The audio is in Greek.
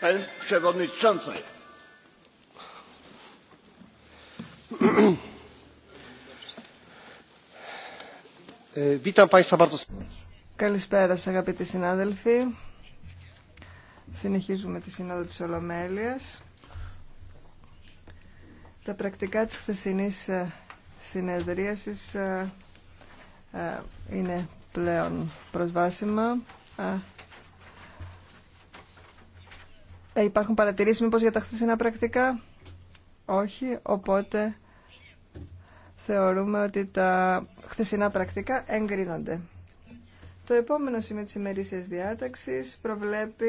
E, Καλησπέρα σας αγαπητοί συνάδελφοι. Συνεχίζουμε τη Συνόδο της Ολομέλειας. Τα πρακτικά της χθεσινής ε, συνεδρίασης ε, ε, είναι πλέον προσβάσιμα. Ε, υπάρχουν παρατηρήσει μήπως για τα χθεσινά πρακτικά. Όχι, οπότε θεωρούμε ότι τα χθεσινά πρακτικά εγκρίνονται. Το επόμενο σημείο της ημερήσιας διάταξης προβλέπει